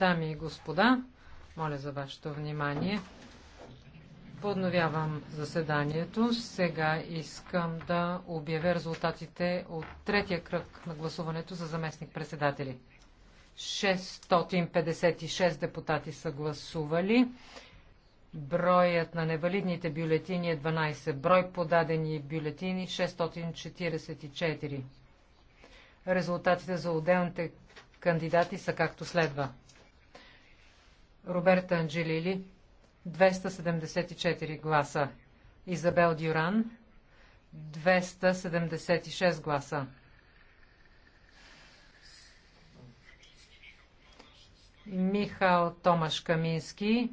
Дами и господа, моля за вашето внимание. Подновявам заседанието. Сега искам да обявя резултатите от третия кръг на гласуването за заместник-председатели. 656 депутати са гласували. Броят на невалидните бюлетини е 12. Брой подадени бюлетини 644. Резултатите за отделните кандидати са както следва. Роберта Анджелили 274 гласа. Изабел Дюран 276 гласа. Михал Томаш Камински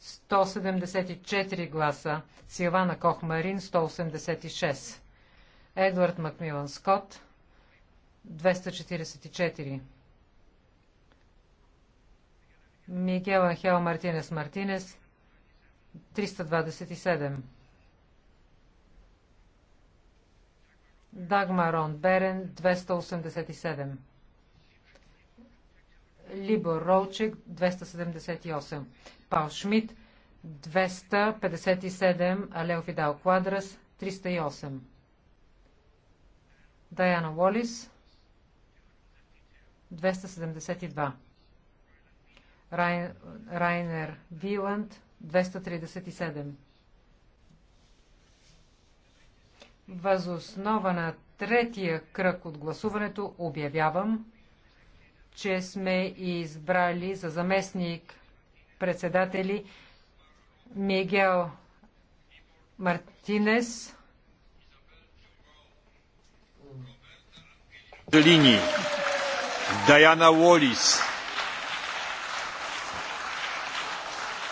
174 гласа. Силвана Кохмарин 186. Едвард Макмилан Скот 244. Мигел Анхел Мартинес Мартинес 327 Дагмарон Берен 287 Либор Ролчек 278 Пал Шмидт 257 Алео Фидал Квадрас 308 Даяна Уолис 272 Райнер Виланд 237. Възоснова на третия кръг от гласуването обявявам, че сме избрали за заместник председатели Мигел Мартинес Джелини, Даяна Уолис,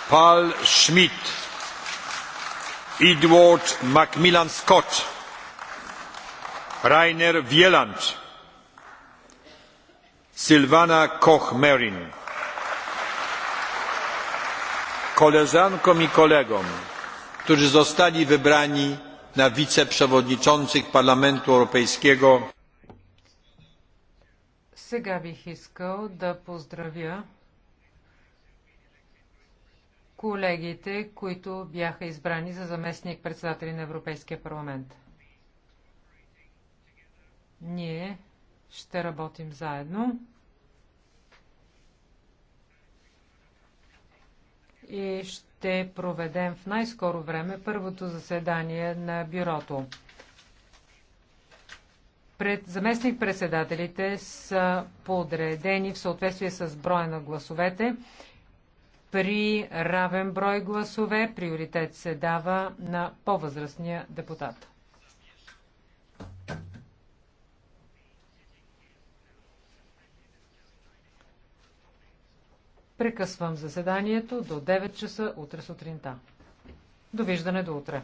Paul Schmidt, Edward Macmillan Scott, Rainer Wieland, Sylwana Koch-Merin. Koleżankom i kolegom, którzy zostali wybrani na wiceprzewodniczących Parlamentu Europejskiego. Сега бих искал да колегите, които бяха избрани за заместник председатели на Европейския парламент. Ние ще работим заедно и ще проведем в най-скоро време първото заседание на бюрото. Пред заместник-председателите са подредени в съответствие с броя на гласовете при равен брой гласове приоритет се дава на по-възрастния депутат. Прекъсвам заседанието до 9 часа утре сутринта. Довиждане до утре.